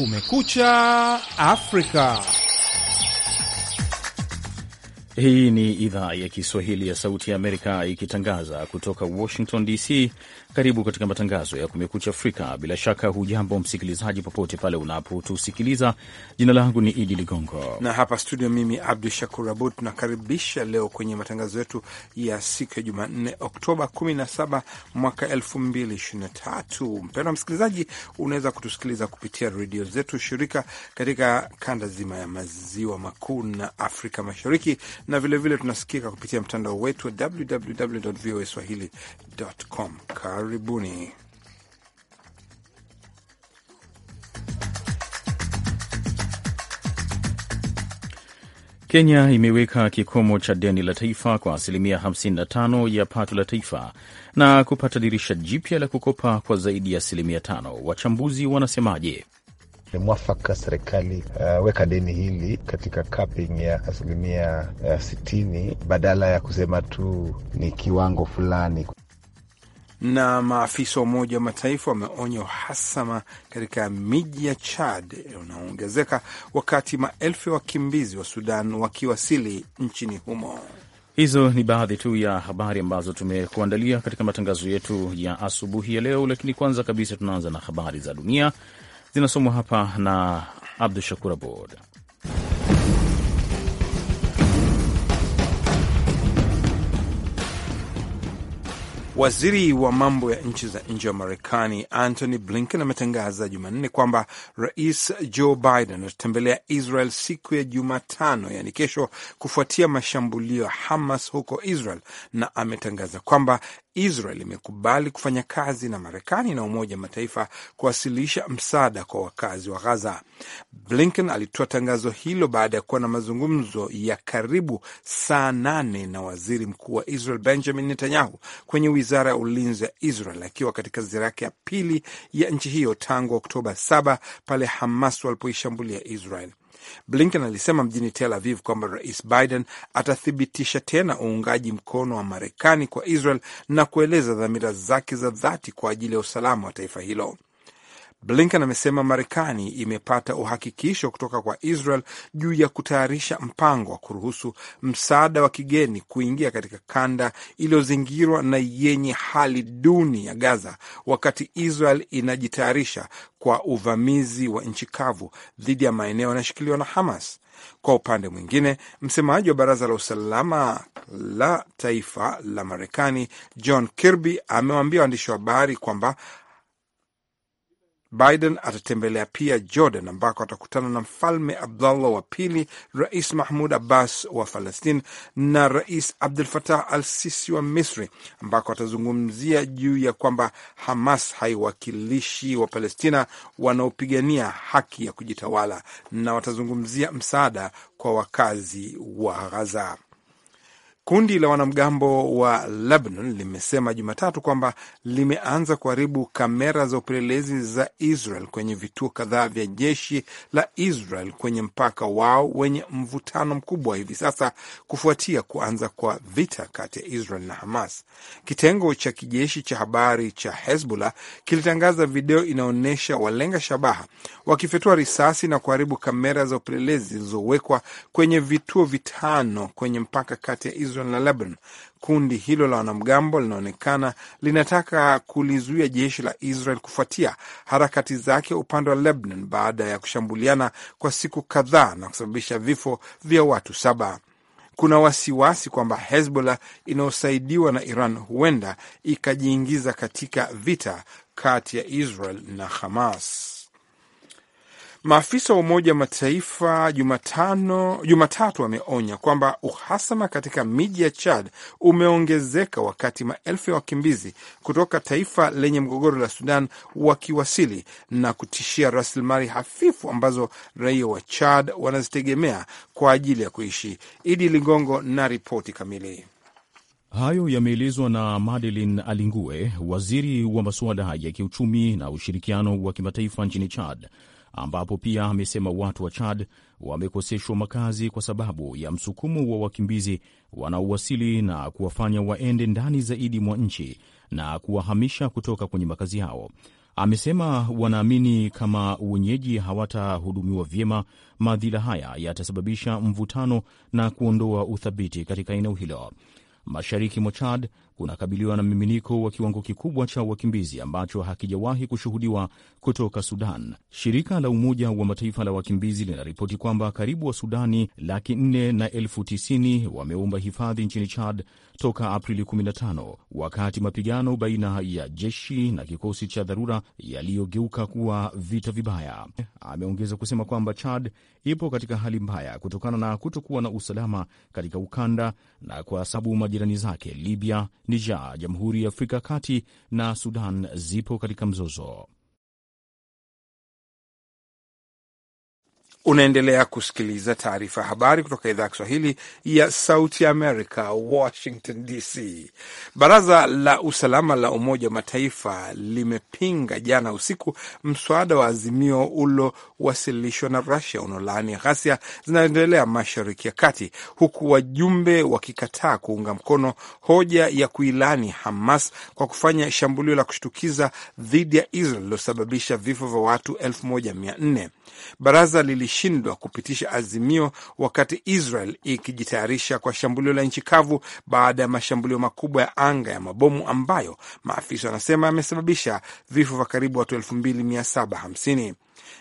Kumekucha Afrika. Hii ni idhaa ya Kiswahili ya Sauti ya Amerika ikitangaza kutoka Washington DC. Karibu katika matangazo ya Kumekucha Afrika. Bila shaka hujambo msikilizaji, popote pale unapotusikiliza. Jina langu ni Idi Ligongo na hapa studio mimi Abdu Shakur Abud. Tunakaribisha leo kwenye matangazo yetu ya siku ya Jumanne, Oktoba 17 mwaka 2023. Mpendwa msikilizaji, unaweza kutusikiliza kupitia redio zetu shirika katika kanda zima ya maziwa makuu na Afrika Mashariki, na vilevile vile tunasikika kupitia mtandao wetu wa www voa swahili.com. Karibuni. Kenya imeweka kikomo cha deni la taifa kwa asilimia 55 ya pato la taifa na kupata dirisha jipya la kukopa kwa zaidi ya asilimia tano. Wachambuzi wanasemaje? Ni mwafaka serikali uh, weka deni hili katika capping ya asilimia 6 uh, badala ya kusema tu ni kiwango fulani. Na maafisa wa Umoja wa Mataifa wameonya uhasama katika miji ya Chad unaoongezeka wakati maelfu ya wakimbizi wa Sudan wakiwasili nchini humo. Hizo ni baadhi tu ya habari ambazo tumekuandalia katika matangazo yetu ya asubuhi ya leo, lakini kwanza kabisa tunaanza na habari za dunia zinasomwa hapa na Abdu Shakur Abord. Waziri wa mambo ya nchi za nje wa Marekani Antony Blinken ametangaza Jumanne kwamba Rais Joe Biden atatembelea Israel siku ya Jumatano, yaani kesho, kufuatia mashambulio ya Hamas huko Israel, na ametangaza kwamba Israel imekubali kufanya kazi na Marekani na Umoja wa Mataifa kuwasilisha msaada kwa wakazi wa Gaza. Blinken alitoa tangazo hilo baada ya kuwa na mazungumzo ya karibu saa nane na waziri mkuu wa Israel Benjamin Netanyahu kwenye wizara ya ulinzi ya Israel, akiwa katika ziara yake ya pili ya nchi hiyo tangu Oktoba 7 pale Hamas walipoishambulia Israel. Blinken alisema mjini Tel Aviv kwamba Rais Biden atathibitisha tena uungaji mkono wa Marekani kwa Israel na kueleza dhamira zake za dhati kwa ajili ya usalama wa taifa hilo. Blinken amesema Marekani imepata uhakikisho kutoka kwa Israel juu ya kutayarisha mpango wa kuruhusu msaada wa kigeni kuingia katika kanda iliyozingirwa na yenye hali duni ya Gaza, wakati Israel inajitayarisha kwa uvamizi wa nchi kavu dhidi ya maeneo yanayoshikiliwa na Hamas. Kwa upande mwingine, msemaji wa baraza la usalama la taifa la Marekani John Kirby amewaambia waandishi wa habari kwamba Biden atatembelea pia Jordan ambako atakutana na Mfalme Abdullah wa Pili, Rais Mahmud Abbas wa palestine na Rais Abdul Fatah al Sisi wa Misri, ambako atazungumzia juu ya kwamba Hamas haiwakilishi wa Palestina wanaopigania haki ya kujitawala na watazungumzia msaada kwa wakazi wa Ghaza. Kundi la wanamgambo wa Lebanon limesema Jumatatu kwamba limeanza kuharibu kamera za upelelezi za Israel kwenye vituo kadhaa vya jeshi la Israel kwenye mpaka wao wenye mvutano mkubwa hivi sasa kufuatia kuanza kwa vita kati ya Israel na Hamas. Kitengo cha kijeshi cha habari cha Hezbollah kilitangaza video inaonyesha walenga shabaha wakifyatua risasi na kuharibu kamera za upelelezi zilizowekwa kwenye vituo vitano kwenye mpaka kati ya Israel Washington la Lebanon. Kundi hilo la wanamgambo linaonekana linataka kulizuia jeshi la Israel kufuatia harakati zake upande wa Lebanon baada ya kushambuliana kwa siku kadhaa na kusababisha vifo vya watu saba. Kuna wasiwasi kwamba Hezbollah inayosaidiwa na Iran huenda ikajiingiza katika vita kati ya Israel na Hamas. Maafisa wa Umoja wa Mataifa Jumatano Jumatatu wameonya kwamba uhasama katika miji ya Chad umeongezeka wakati maelfu ya wakimbizi kutoka taifa lenye mgogoro la Sudan wakiwasili na kutishia rasilimali hafifu ambazo raia wa Chad wanazitegemea kwa ajili ya kuishi. Idi Ligongo na ripoti kamili. Hayo yameelezwa na Madeline Alingue, waziri wa masuala ya kiuchumi na ushirikiano wa kimataifa nchini Chad ambapo pia amesema watu wa Chad wamekoseshwa makazi kwa sababu ya msukumo wa wakimbizi wanaowasili na kuwafanya waende ndani zaidi mwa nchi na kuwahamisha kutoka kwenye makazi yao. Amesema wanaamini kama wenyeji hawatahudumiwa vyema, madhila haya yatasababisha mvutano na kuondoa uthabiti katika eneo hilo. Mashariki mwa Chad, kunakabiliwa na miminiko wa kiwango kikubwa cha wakimbizi ambacho hakijawahi kushuhudiwa kutoka Sudan. Shirika la Umoja wa Mataifa la wakimbizi linaripoti kwamba karibu wa sudani laki nne na elfu tisini wameomba hifadhi nchini Chad toka Aprili 15 wakati mapigano baina ya jeshi na kikosi cha dharura yaliyogeuka kuwa vita vibaya. Ameongeza kusema kwamba Chad ipo katika hali mbaya kutokana na kutokuwa na usalama katika ukanda na kwa sababu majirani zake Libya, Niger, Jamhuri ya Afrika ya Kati na Sudan zipo katika mzozo. Unaendelea kusikiliza taarifa habari kutoka idhaa ya Kiswahili ya Sauti America, Washington DC. Baraza la Usalama la Umoja wa Mataifa limepinga jana usiku mswada wa azimio ulowasilishwa na Rusia unaolaani ghasia zinazoendelea Mashariki ya Kati, huku wajumbe wakikataa kuunga mkono hoja ya kuilani Hamas kwa kufanya shambulio la kushtukiza dhidi ya Israel lilosababisha vifo vya watu 1400. Baraza lili ilishindwa kupitisha azimio wakati Israel ikijitayarisha kwa shambulio la nchi kavu baada ya mashambulio makubwa ya anga ya mabomu ambayo maafisa wanasema yamesababisha vifo vya karibu watu elfu mbili mia saba hamsini.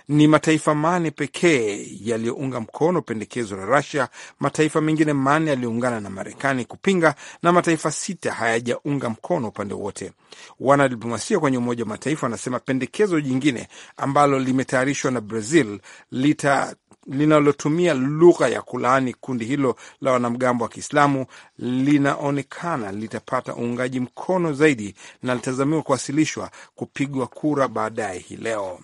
Ni mataifa mane pekee yaliyounga mkono pendekezo la Rusia. Mataifa mengine mane yaliyoungana na Marekani kupinga, na mataifa sita hayajaunga mkono upande wote. Wanadiplomasia kwenye Umoja wa Mataifa wanasema pendekezo jingine ambalo limetayarishwa na Brazil lita linalotumia lugha ya kulaani kundi hilo la wanamgambo wa Kiislamu linaonekana litapata uungaji mkono zaidi na litazamiwa kuwasilishwa kupigwa kura baadaye hii leo.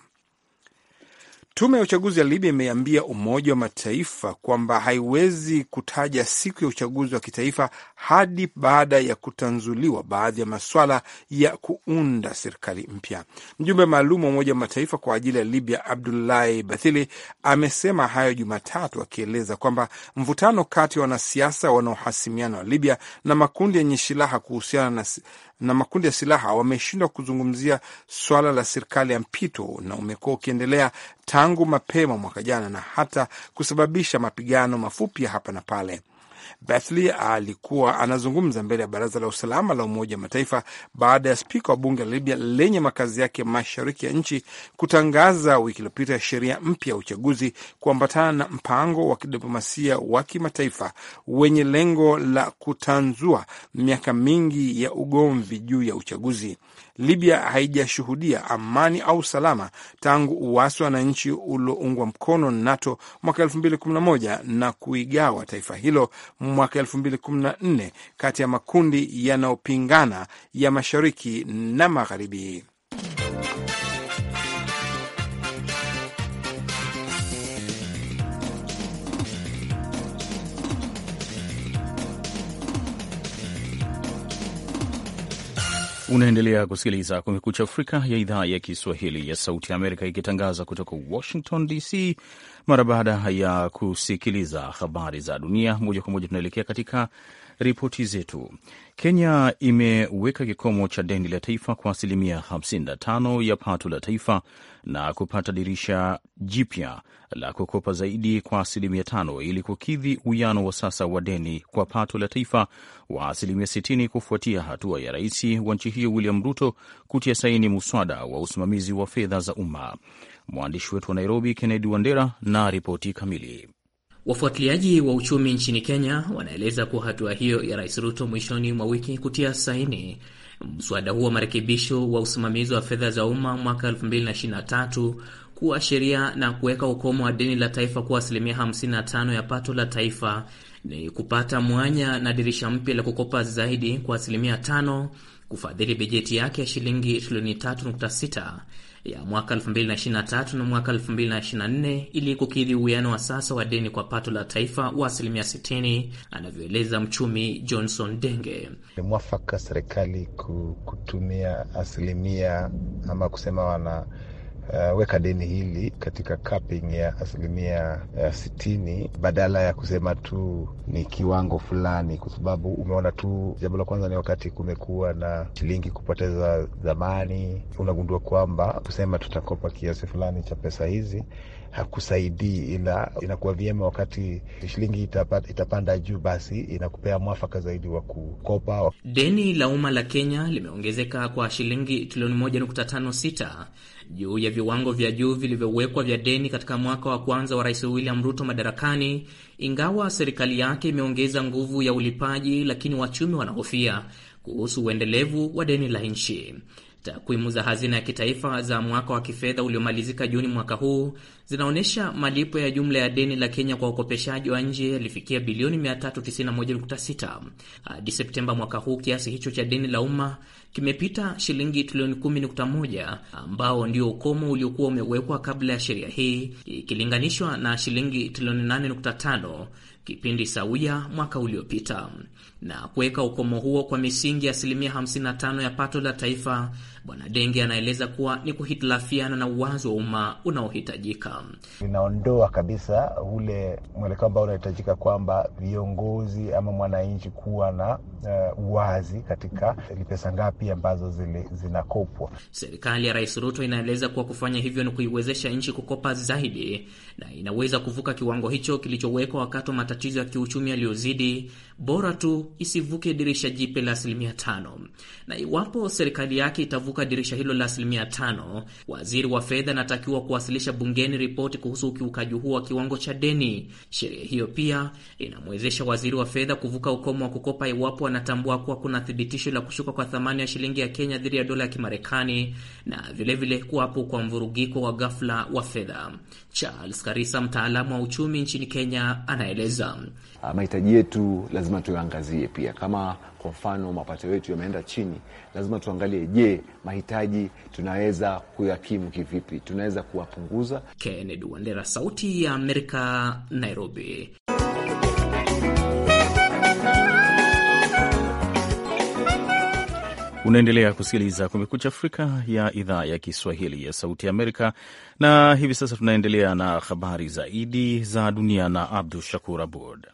Tume ya uchaguzi ya Libya imeambia Umoja wa Mataifa kwamba haiwezi kutaja siku ya uchaguzi wa kitaifa hadi baada ya kutanzuliwa baadhi ya maswala ya kuunda serikali mpya. Mjumbe maalum wa Umoja wa Mataifa kwa ajili ya Libya, Abdulahi Bathili, amesema hayo Jumatatu, akieleza kwamba mvutano kati ya wanasiasa wanaohasimiana wa Libya na makundi yenye silaha kuhusiana na na makundi ya silaha wameshindwa kuzungumzia swala la serikali ya mpito na umekuwa ukiendelea tangu mapema mwaka jana na hata kusababisha mapigano mafupi ya hapa na pale. Bethley alikuwa anazungumza mbele ya baraza la usalama la Umoja wa Mataifa baada ya spika wa bunge la Libya lenye makazi yake mashariki ya nchi kutangaza wiki iliyopita sheria mpya ya uchaguzi kuambatana na mpango wa kidiplomasia wa kimataifa wenye lengo la kutanzua miaka mingi ya ugomvi juu ya uchaguzi. Libya haijashuhudia amani au salama tangu uwasi wa wananchi ulioungwa mkono NATO mwaka 2011 na kuigawa taifa hilo mwaka 2014 kati ya makundi yanayopingana ya mashariki na magharibi. Unaendelea kusikiliza Kumekucha Afrika ya idhaa ya Kiswahili ya Sauti ya Amerika ikitangaza kutoka Washington DC. Mara baada ya kusikiliza habari za dunia moja kwa moja, tunaelekea katika ripoti zetu. Kenya imeweka kikomo cha deni la taifa kwa asilimia 55 ya pato la taifa na kupata dirisha jipya la kukopa zaidi kwa asilimia tano ili kukidhi uwiano wa sasa wa deni kwa pato la taifa wa asilimia 60 kufuatia hatua ya rais wa nchi hiyo William Ruto kutia saini muswada wa usimamizi wa fedha za umma. Mwandishi wetu wa Nairobi Kennedy Wandera na ripoti kamili. Wafuatiliaji wa uchumi nchini Kenya wanaeleza kuwa hatua hiyo ya Rais Ruto mwishoni mwa wiki kutia saini mswada huo wa marekebisho wa usimamizi wa fedha za umma mwaka 2023 kuwa sheria na kuweka ukomo wa deni la taifa kuwa asilimia 55 ya pato la taifa ni kupata mwanya na dirisha mpya la kukopa zaidi kwa asilimia 5 kufadhili bajeti yake ya shilingi trilioni 3.6 ya mwaka 2023 na mwaka 2024 ili kukidhi uwiano wa sasa wa deni kwa pato la taifa wa asilimia 60, anavyoeleza mchumi Johnson Denge. Ni mwafaka serikali kutumia asilimia ama kusema wana uh, weka deni hili katika capping ya asilimia uh, sitini badala ya kusema tu ni kiwango fulani, kwa sababu umeona tu, jambo la kwanza ni wakati kumekuwa na shilingi kupoteza dhamani, unagundua kwamba kusema tutakopa kiasi fulani cha pesa hizi hakusaidii, ila inakuwa vyema wakati shilingi itapanda, itapanda juu, basi inakupea mwafaka zaidi wa kukopa. Deni la umma la Kenya limeongezeka kwa shilingi trilioni 1.56 juu ya viwango vya juu vilivyowekwa vya deni katika mwaka wa kwanza wa Rais William Ruto madarakani, ingawa serikali yake imeongeza nguvu ya ulipaji, lakini wachumi wanahofia kuhusu uendelevu wa deni la nchi. Takwimu za hazina ya kitaifa za mwaka wa kifedha uliomalizika Juni mwaka huu zinaonyesha malipo ya jumla ya deni la Kenya kwa ukopeshaji wa nje yalifikia bilioni 391.6 hadi Septemba mwaka huu. Kiasi hicho cha deni la umma kimepita shilingi trilioni 10.1 ambao ndio ukomo uliokuwa umewekwa kabla ya sheria hii ikilinganishwa na shilingi trilioni 8.5 kipindi sawia mwaka uliopita na kuweka ukomo huo kwa misingi ya asilimia 55 ya pato la taifa. Bwana Denge anaeleza kuwa ni kuhitilafiana na uwazi wa umma unaohitajika. Inaondoa kabisa ule mwelekeo ambao unahitajika kwamba viongozi ama mwananchi kuwa na uh, uwazi katika ni pesa ngapi ambazo zinakopwa. Serikali ya Rais Ruto inaeleza kuwa kufanya hivyo ni kuiwezesha nchi kukopa zaidi na inaweza kuvuka kiwango hicho kilichowekwa wakati wa matatizo ya kiuchumi yaliyozidi bora tu isivuke dirisha jipe la asilimia tano, na iwapo serikali yake itavuka dirisha hilo la asilimia tano, waziri wa fedha anatakiwa kuwasilisha bungeni ripoti kuhusu ukiukaji huo wa kiwango cha deni. Sheria hiyo pia inamwezesha waziri wa fedha kuvuka ukomo wa kukopa iwapo anatambua kuwa kuna thibitisho la kushuka kwa thamani ya shilingi ya Kenya dhidi ya dola ya Kimarekani na vilevile kuwapo kwa mvurugiko wa ghafla wa fedha. Charles Karisa, mtaalamu wa uchumi nchini Kenya, anaeleza uh, mahitaji yetu lazima tuyaangazie pia. Kama kwa mfano mapato yetu yameenda chini, lazima tuangalie, je, mahitaji tunaweza kuyakimu kivipi? Tunaweza kuwapunguza. Kennedy Wandera, Sauti ya Amerika, Nairobi. Unaendelea kusikiliza Kumekucha Afrika ya idhaa ya Kiswahili ya Sauti Amerika, na hivi sasa tunaendelea na habari zaidi za dunia na Abdu Shakur Abud.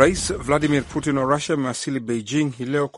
Rais Vladimir Putin wa Rusia amewasili Beijing hii leo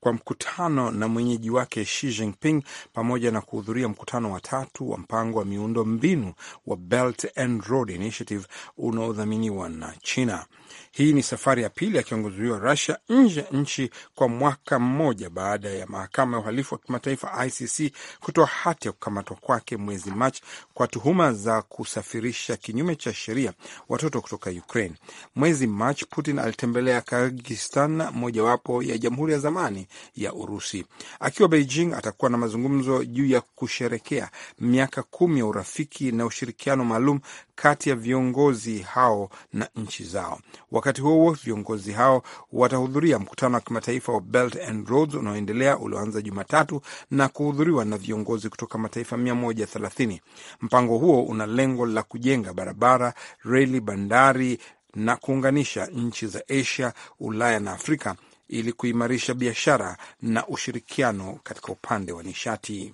kwa mkutano na mwenyeji wake Xi Jinping pamoja na kuhudhuria mkutano wa tatu wa mpango wa miundo mbinu wa Belt and Road Initiative unaodhaminiwa na China. Hii ni safari ya pili ya kiongozi huyo wa Rusia nje ya nchi kwa mwaka mmoja baada ya mahakama ya uhalifu wa kimataifa ICC kutoa hati ya kukamatwa kwake mwezi Machi kwa tuhuma za kusafirisha kinyume cha sheria watoto kutoka Ukraine. Mwezi Machi, Putin alitembelea Kyrgyzstan, mojawapo ya jamhuri ya zamani ya Urusi. Akiwa Beijing, atakuwa na mazungumzo juu ya kusherekea miaka kumi ya urafiki na ushirikiano maalum kati ya viongozi hao na nchi zao. Wakati huo viongozi hao watahudhuria mkutano wa kimataifa wa Belt and Roads unaoendelea ulioanza Jumatatu na kuhudhuriwa na viongozi kutoka mataifa 130. Mpango huo una lengo la kujenga barabara, reli, bandari na kuunganisha nchi za Asia, Ulaya na Afrika ili kuimarisha biashara na ushirikiano katika upande wa nishati.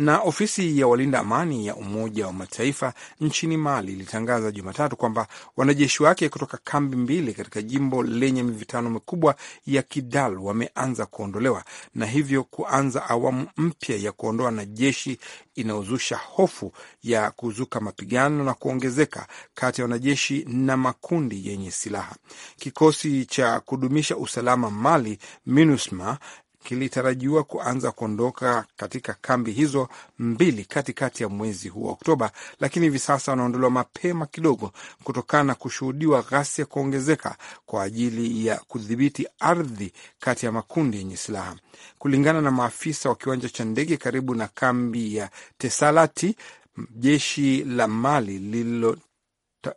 Na ofisi ya walinda amani ya Umoja wa Mataifa nchini Mali ilitangaza Jumatatu kwamba wanajeshi wake kutoka kambi mbili katika jimbo lenye mivutano mikubwa ya Kidal wameanza kuondolewa na hivyo kuanza awamu mpya ya kuondoa wanajeshi inayozusha hofu ya kuzuka mapigano na kuongezeka kati ya wanajeshi na makundi yenye silaha. Kikosi cha kudumisha usalama Mali MINUSMA kilitarajiwa kuanza kuondoka katika kambi hizo mbili katikati ya mwezi huu wa Oktoba, lakini hivi sasa wanaondolewa mapema kidogo kutokana na kushuhudiwa ghasia kuongezeka kwa ajili ya kudhibiti ardhi kati ya makundi yenye silaha. Kulingana na maafisa wa kiwanja cha ndege karibu na kambi ya Tesalati, jeshi la Mali lililo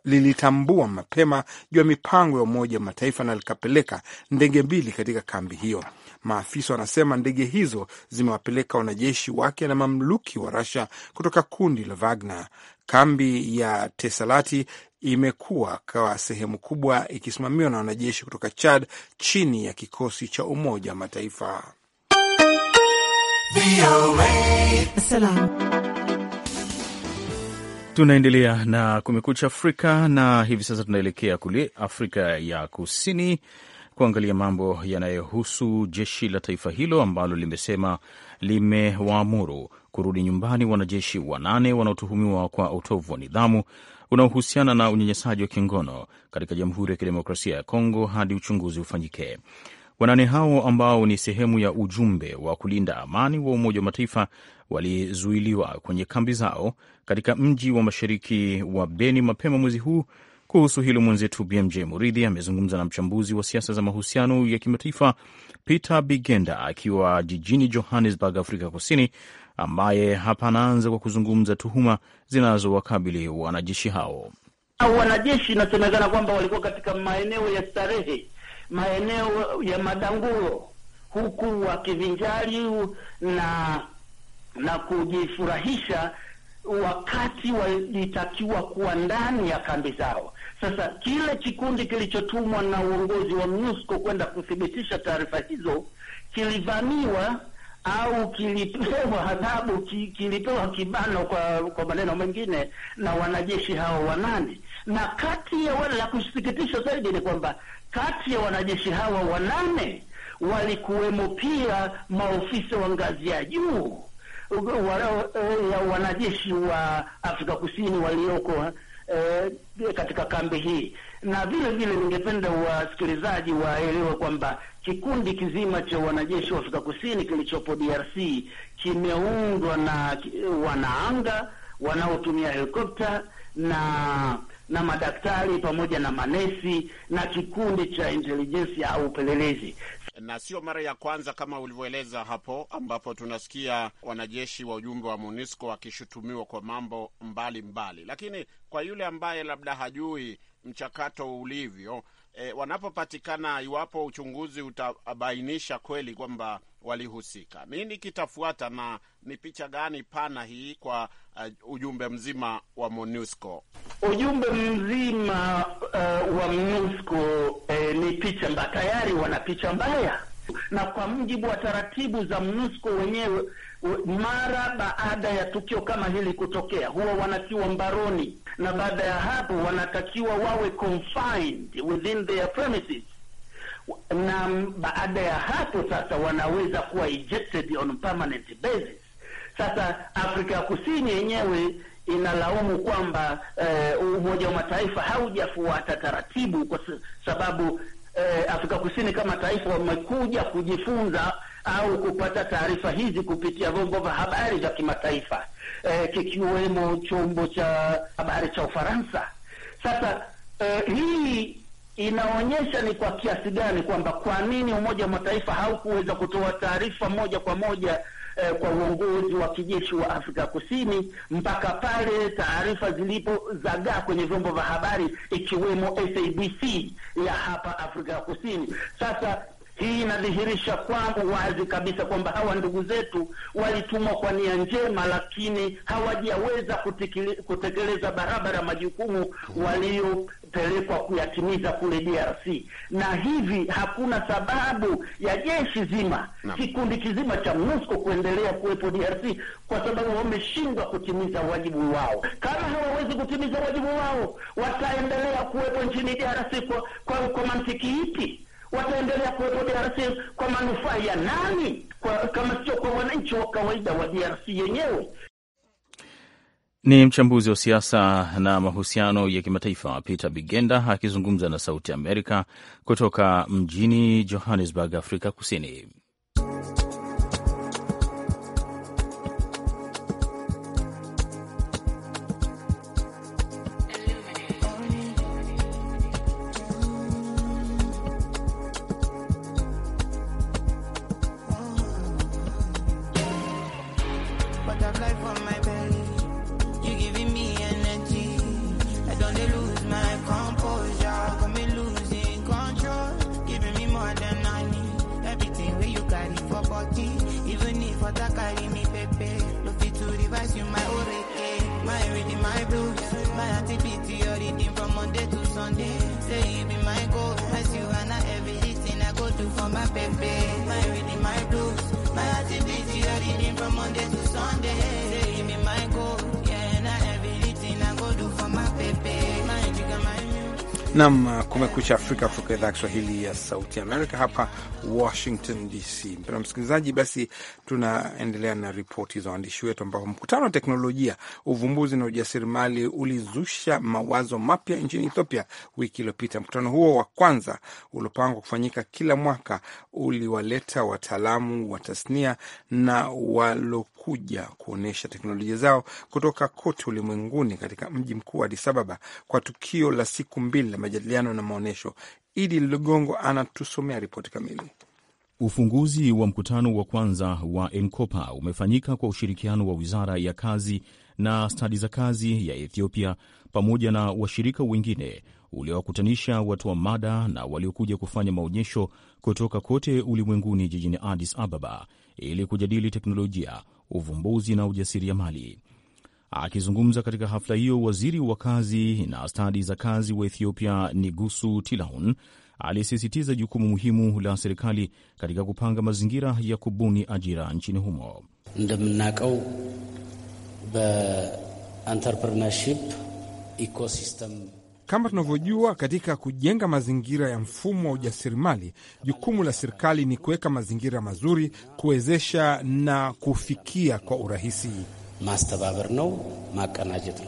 lilitambua mapema juu ya mipango ya Umoja wa Mataifa na likapeleka ndege mbili katika kambi hiyo. Maafisa wanasema ndege hizo zimewapeleka wanajeshi wake na mamluki wa rasia kutoka kundi la Wagner. Kambi ya Tesalati imekuwa kwa sehemu kubwa ikisimamiwa na wanajeshi kutoka Chad chini ya kikosi cha Umoja wa Mataifa. Tunaendelea na Kumekucha Afrika na hivi sasa tunaelekea kule Afrika ya Kusini kuangalia mambo yanayohusu jeshi la taifa hilo ambalo limesema limewaamuru kurudi nyumbani wanajeshi wanane wanaotuhumiwa kwa utovu wa nidhamu unaohusiana na unyenyesaji wa kingono katika Jamhuri ya Kidemokrasia ya Kongo hadi uchunguzi ufanyike. Wanane hao ambao ni sehemu ya ujumbe wa kulinda amani wa Umoja wa Mataifa walizuiliwa kwenye kambi zao katika mji wa mashariki wa Beni mapema mwezi huu kuhusu hilo mwenzetu BMJ Muridhi amezungumza na mchambuzi wa siasa za mahusiano ya kimataifa Peter Bigenda akiwa jijini Johannesburg, Afrika Kusini, ambaye hapa anaanza kwa kuzungumza tuhuma zinazowakabili wanajeshi hao. Wanajeshi inasemekana kwamba walikuwa katika maeneo ya starehe, maeneo ya madanguro, huku wakivinjari na na kujifurahisha wakati walitakiwa kuwa ndani ya kambi zao. Sasa kile kikundi kilichotumwa na uongozi wa MONUSCO kwenda kuthibitisha taarifa hizo kilivamiwa au kilipewa adhabu, kilipewa kibano, kwa kwa maneno mengine, na wanajeshi hao wanane. Na kati ya wale, la kusikitisha zaidi ni kwamba kati ya wanajeshi hawa wanane walikuwemo pia maofisa wa ngazi ya juu Eh, ya wanajeshi wa Afrika Kusini walioko eh, katika kambi hii, na vile vile ningependa wasikilizaji waelewe kwamba kikundi kizima cha wanajeshi wa Afrika Kusini kilichopo DRC kimeundwa na wanaanga wanaotumia helikopta na na madaktari pamoja na manesi na kikundi cha intelijensia au upelelezi na sio mara ya kwanza kama ulivyoeleza hapo, ambapo tunasikia wanajeshi wa ujumbe wa MONUSCO wakishutumiwa kwa mambo mbalimbali mbali. Lakini kwa yule ambaye labda hajui mchakato ulivyo, e, wanapopatikana, iwapo uchunguzi utabainisha kweli kwamba walihusika. Nini kitafuata na ni picha gani pana hii kwa uh, ujumbe mzima wa MONUSCO? Ujumbe mzima uh, wa MONUSCO eh, ni picha mbaya, tayari wana picha mbaya, na kwa mujibu wa taratibu za MONUSCO wenyewe mara baada ya tukio kama hili kutokea huwa wanatiwa mbaroni, na baada ya hapo wanatakiwa wawe confined within their premises na baada ya hapo sasa wanaweza kuwa ejected on permanent basis. Sasa Afrika ya Kusini yenyewe inalaumu kwamba eh, Umoja wa Mataifa haujafuata taratibu, kwa sababu eh, Afrika Kusini kama taifa wamekuja kujifunza au kupata taarifa hizi kupitia vyombo vya habari vya kimataifa eh, kikiwemo chombo cha habari cha Ufaransa. Sasa eh, hii inaonyesha ni kwa kiasi gani kwamba kwa nini Umoja wa Mataifa haukuweza kutoa taarifa moja kwa moja eh, kwa uongozi wa kijeshi wa Afrika Kusini mpaka pale taarifa zilipozagaa kwenye vyombo vya habari ikiwemo SABC ya hapa Afrika Kusini. Sasa hii inadhihirisha kwangu wazi kabisa kwamba hawa ndugu zetu walitumwa kwa nia njema, lakini hawajaweza kutekeleza barabara majukumu waliopelekwa kuyatimiza kule DRC, na hivi hakuna sababu ya jeshi zima na kikundi kizima cha MONUSCO kuendelea kuwepo DRC kwa sababu wameshindwa kutimiza wajibu wao. Kama hawawezi kutimiza wajibu wao, wataendelea kuwepo nchini DRC kwa, kwa, kwa mantiki ipi? wataendelea kuwepo DRC kwa manufaa ya nani? Kwa, kama sio kwa wananchi wa kawaida wa DRC yenyewe. Ni mchambuzi wa siasa na mahusiano ya kimataifa Peter Bigenda akizungumza na Sauti Amerika kutoka mjini Johannesburg, Afrika Kusini. Nam kumekucha Afrika, kutoka idhaa ya Kiswahili ya Sauti Amerika hapa Washington DC. Mpendwa msikilizaji, basi tunaendelea na ripoti za waandishi wetu, ambapo mkutano wa teknolojia, uvumbuzi na ujasiriamali ulizusha mawazo mapya nchini Ethiopia wiki iliyopita. Mkutano huo wa kwanza uliopangwa kufanyika kila mwaka uliwaleta wataalamu wa tasnia na walokuja kuonyesha teknolojia zao kutoka kote ulimwenguni katika mji mkuu Addis Ababa kwa tukio la siku mbili la majadiliano na maonyesho. Idi Lugongo anatusomea ripoti kamili. Ufunguzi wa mkutano wa kwanza wa Enkopa umefanyika kwa ushirikiano wa wizara ya kazi na stadi za kazi ya Ethiopia pamoja na washirika wengine uliowakutanisha watu wa mada na waliokuja kufanya maonyesho kutoka kote ulimwenguni jijini Addis Ababa ili kujadili teknolojia, uvumbuzi na ujasiriamali. Akizungumza katika hafla hiyo, waziri wa kazi na stadi za kazi wa Ethiopia Nigusu Tilahun alisisitiza jukumu muhimu la serikali katika kupanga mazingira ya kubuni ajira nchini humo. ndemnakau kama tunavyojua, katika kujenga mazingira ya mfumo wa ujasiriamali, jukumu la serikali ni kuweka mazingira mazuri, kuwezesha na kufikia kwa urahisi. mastababar no makanajet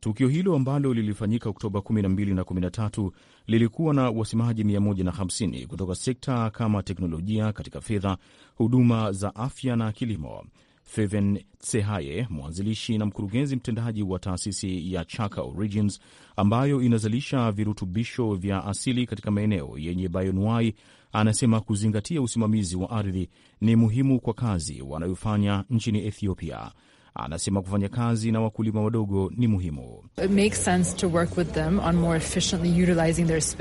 Tukio hilo ambalo lilifanyika Oktoba 12 na 13 lilikuwa na wasemaji 150 kutoka sekta kama teknolojia katika fedha, huduma za afya na kilimo feven Tsehaye, mwanzilishi na mkurugenzi mtendaji wa taasisi ya Chaka Origins ambayo inazalisha virutubisho vya asili katika maeneo yenye bayonwai, anasema kuzingatia usimamizi wa ardhi ni muhimu kwa kazi wanayofanya nchini Ethiopia anasema kufanya kazi na wakulima wadogo ni muhimu.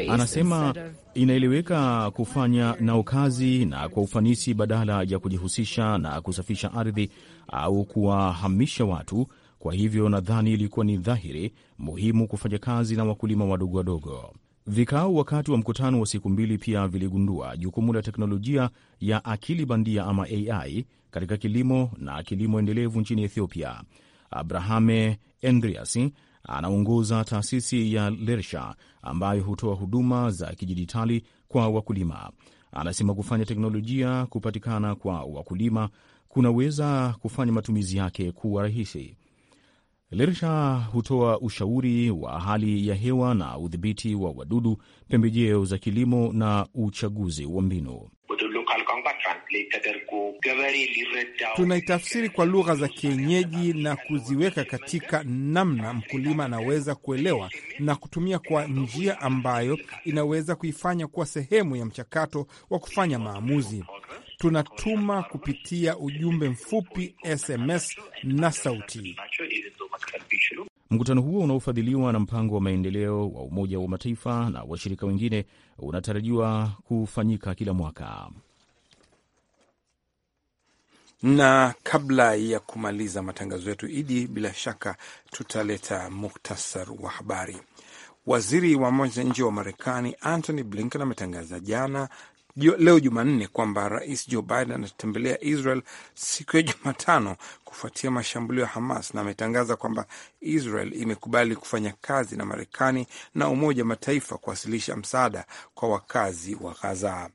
Anasema inaeleweka kufanya nao kazi na kwa ufanisi badala ya kujihusisha na kusafisha ardhi au kuwahamisha watu. Kwa hivyo nadhani ilikuwa ni dhahiri muhimu kufanya kazi na wakulima wadogo wadogo. Vikao wakati wa mkutano wa siku mbili pia viligundua jukumu la teknolojia ya akili bandia ama AI katika kilimo na kilimo endelevu nchini Ethiopia. Abrahame Endrias anaongoza taasisi ya Lersha ambayo hutoa huduma za kidijitali kwa wakulima. Anasema kufanya teknolojia kupatikana kwa wakulima kunaweza kufanya matumizi yake kuwa rahisi. Lersha hutoa ushauri wa hali ya hewa na udhibiti wa wadudu, pembejeo za kilimo na uchaguzi wa mbinu. ተደርጎ ገበሬ ሊረዳው tunaitafsiri kwa lugha za kienyeji na kuziweka katika namna mkulima anaweza kuelewa na kutumia kwa njia ambayo inaweza kuifanya kuwa sehemu ya mchakato wa kufanya maamuzi. Tunatuma kupitia ujumbe mfupi SMS na sauti. Mkutano huo unaofadhiliwa na mpango wa maendeleo wa Umoja wa Mataifa na washirika wengine unatarajiwa kufanyika kila mwaka na kabla ya kumaliza matangazo yetu, Idi, bila shaka tutaleta muktasar wa habari. Waziri wa mambo ya nje wa Marekani Antony Blinken ametangaza jana leo Jumanne kwamba rais Joe Biden atatembelea Israel siku ya Jumatano kufuatia mashambulio ya Hamas, na ametangaza kwamba Israel imekubali kufanya kazi na Marekani na Umoja wa Mataifa kuwasilisha msaada kwa wakazi wa ghaza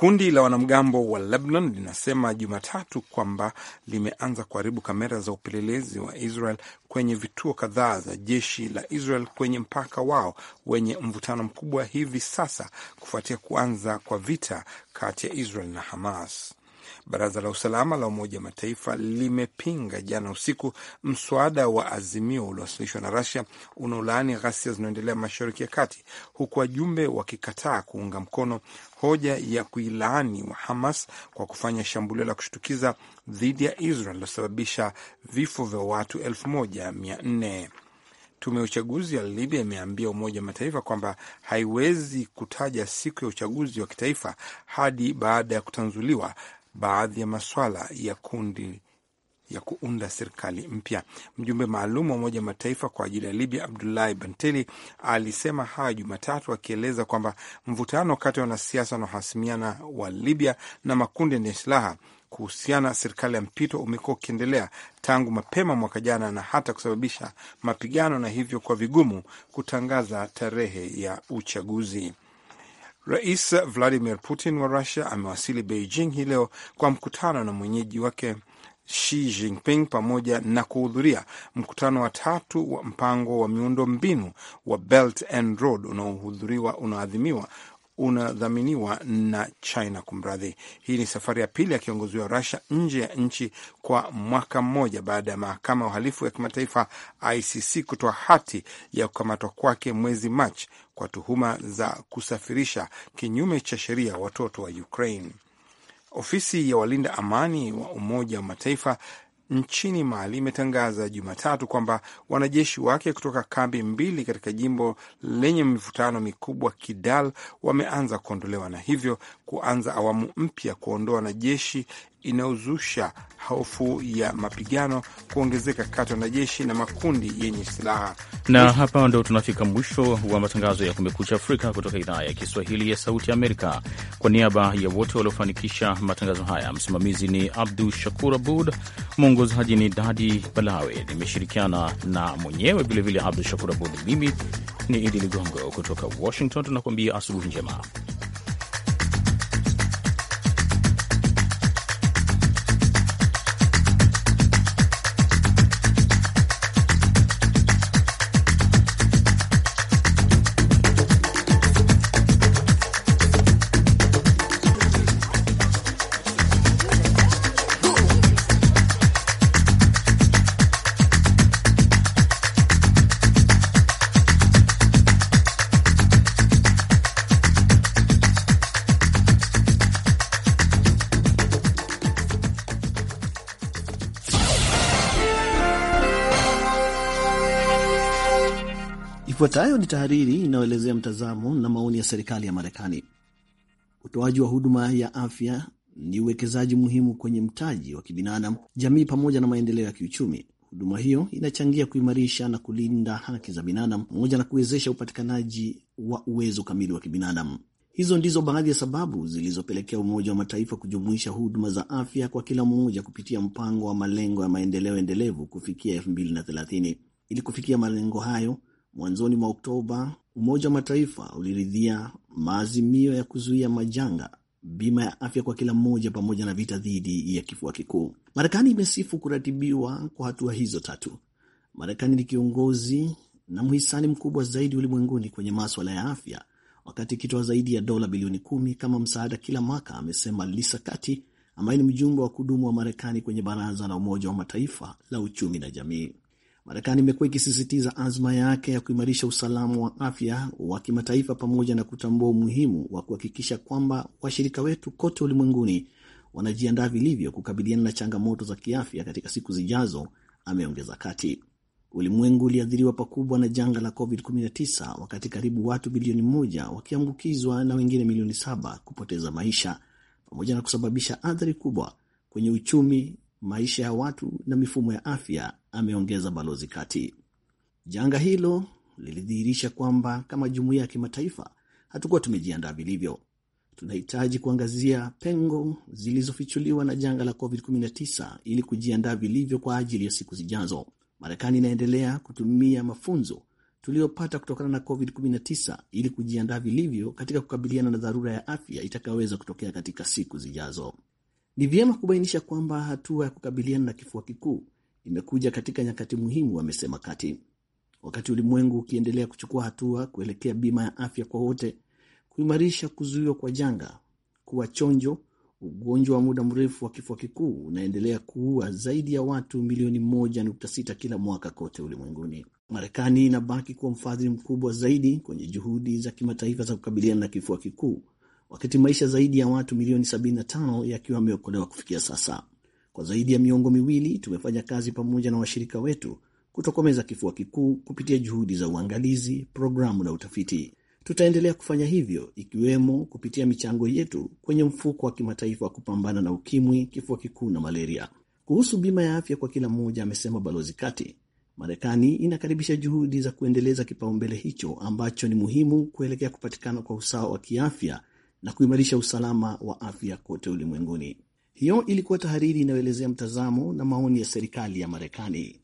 Kundi la wanamgambo wa Lebanon linasema Jumatatu kwamba limeanza kuharibu kamera za upelelezi wa Israel kwenye vituo kadhaa za jeshi la Israel kwenye mpaka wao wenye mvutano mkubwa hivi sasa kufuatia kuanza kwa vita kati ya Israel na Hamas. Baraza la usalama la Umoja wa Mataifa limepinga jana usiku mswada wa azimio uliowasilishwa na rasia unaolaani ghasia zinaoendelea Mashariki ya Kati, huku wajumbe wakikataa kuunga mkono hoja ya kuilaani wa Hamas kwa kufanya shambulio la kushtukiza dhidi ya Israel lilosababisha vifo vya watu nne. Tume ya uchaguzi ya Libya imeambia Umoja wa Mataifa kwamba haiwezi kutaja siku ya uchaguzi wa kitaifa hadi baada ya kutanzuliwa baadhi ya maswala ya kundi ya kuunda serikali mpya. Mjumbe maalum wa Umoja Mataifa kwa ajili ya Libya, Abdulahi Banteli, alisema hayo Jumatatu, akieleza kwamba mvutano kati ya wanasiasa wanaohasimiana wa Libya na makundi yenye silaha kuhusiana serikali ya mpito umekuwa ukiendelea tangu mapema mwaka jana na hata kusababisha mapigano na hivyo kwa vigumu kutangaza tarehe ya uchaguzi. Rais Vladimir Putin wa russia amewasili Beijing hii leo kwa mkutano na mwenyeji wake Xi Jinping pamoja na kuhudhuria mkutano wa tatu wa mpango wa miundo mbinu wa Belt and Road unaadhimiwa unadhaminiwa na China. Kumradhi, hii ni safari ya pili ya kiongozi wa Russia nje ya nchi kwa mwaka mmoja baada ya mahakama ya uhalifu ya kimataifa ICC kutoa hati ya kukamatwa kwake mwezi Machi kwa tuhuma za kusafirisha kinyume cha sheria watoto wa Ukraine. Ofisi ya walinda amani wa Umoja wa Mataifa nchini Mali imetangaza Jumatatu kwamba wanajeshi wake kutoka kambi mbili katika jimbo lenye mivutano mikubwa Kidal wameanza kuondolewa na hivyo kuanza awamu mpya kuondoa wanajeshi inayozusha hofu ya mapigano kuongezeka kati ya wanajeshi na makundi yenye silaha. Na hapa ndo tunafika mwisho wa matangazo ya Kumekucha Afrika kutoka idhaa ya Kiswahili ya Sauti ya Amerika. Kwa niaba ya wote waliofanikisha matangazo haya, msimamizi ni Abdu Shakur Abud, mwongozaji ni Dadi Balawe, nimeshirikiana na mwenyewe vilevile Abdu Shakur Abud. Mimi ni Idi Ligongo kutoka Washington, tunakuambia asubuhi njema. Ifuatayo ni tahariri inayoelezea mtazamo na maoni ya serikali ya Marekani. Utoaji wa huduma ya afya ni uwekezaji muhimu kwenye mtaji wa kibinadamu, jamii, pamoja na maendeleo ya kiuchumi. Huduma hiyo inachangia kuimarisha na kulinda haki za binadamu pamoja na kuwezesha upatikanaji wa uwezo kamili wa kibinadamu. Hizo ndizo baadhi ya sababu zilizopelekea Umoja wa Mataifa kujumuisha huduma za afya kwa kila mmoja kupitia mpango wa malengo ya maendeleo endelevu kufikia 2030. Ili kufikia malengo hayo, Mwanzoni mwa Oktoba, Umoja wa Mataifa uliridhia maazimio ya kuzuia majanga, bima ya afya kwa kila mmoja, pamoja na vita dhidi ya kifua kikuu. Marekani imesifu kuratibiwa kwa hatua hizo tatu. Marekani ni kiongozi na mhisani mkubwa zaidi ulimwenguni kwenye maswala ya afya, wakati ikitoa zaidi ya dola bilioni kumi kama msaada kila mwaka, amesema Lisa Kati ambaye ni mjumbe wa kudumu wa Marekani kwenye Baraza la Umoja wa Mataifa la Uchumi na Jamii. Marekani imekuwa ikisisitiza azma yake ya kuimarisha usalama wa afya wa kimataifa pamoja na kutambua umuhimu wa kuhakikisha kwamba washirika wetu kote ulimwenguni wanajiandaa vilivyo kukabiliana na changamoto za kiafya katika siku zijazo, ameongeza Kati. Ulimwengu uliathiriwa pakubwa na janga la COVID-19 wakati karibu watu bilioni moja wakiambukizwa na wengine milioni saba kupoteza maisha pamoja na kusababisha athari kubwa kwenye uchumi maisha ya watu na mifumo ya afya, ameongeza Balozi Kati. Janga hilo lilidhihirisha kwamba kama jumuiya ya kimataifa hatukuwa tumejiandaa vilivyo. Tunahitaji kuangazia pengo zilizofichuliwa na janga la COVID-19 ili kujiandaa vilivyo kwa ajili ya siku zijazo. Marekani inaendelea kutumia mafunzo tuliyopata kutokana na COVID-19 ili kujiandaa vilivyo katika kukabiliana na dharura ya afya itakayoweza kutokea katika siku zijazo. Ni vyema kubainisha kwamba hatua ya kukabiliana na kifua kikuu imekuja katika nyakati muhimu, amesema Kati. Wakati ulimwengu ukiendelea kuchukua hatua kuelekea bima ya afya kwa wote, kuimarisha kuzuiwa kwa janga, kuwa chonjo, ugonjwa wa muda mrefu wa kifua kikuu unaendelea kuua zaidi ya watu milioni 1.6 kila mwaka kote ulimwenguni. Marekani inabaki kuwa mfadhili mkubwa zaidi kwenye juhudi za kimataifa za kukabiliana na kifua kikuu wakati maisha zaidi ya watu milioni 75 yakiwa yameokolewa kufikia sasa. Kwa zaidi ya miongo miwili tumefanya kazi pamoja na washirika wetu kutokomeza kifua kikuu kupitia juhudi za uangalizi, programu na utafiti. Tutaendelea kufanya hivyo, ikiwemo kupitia michango yetu kwenye mfuko wa kimataifa wa kupambana na ukimwi, kifua kikuu na malaria. Kuhusu bima ya afya kwa kila mmoja, amesema Balozi Kati, Marekani inakaribisha juhudi za kuendeleza kipaumbele hicho ambacho ni muhimu kuelekea kupatikana kwa usawa wa kiafya na kuimarisha usalama wa afya kote ulimwenguni. Hiyo ilikuwa tahariri inayoelezea mtazamo na maoni ya serikali ya Marekani.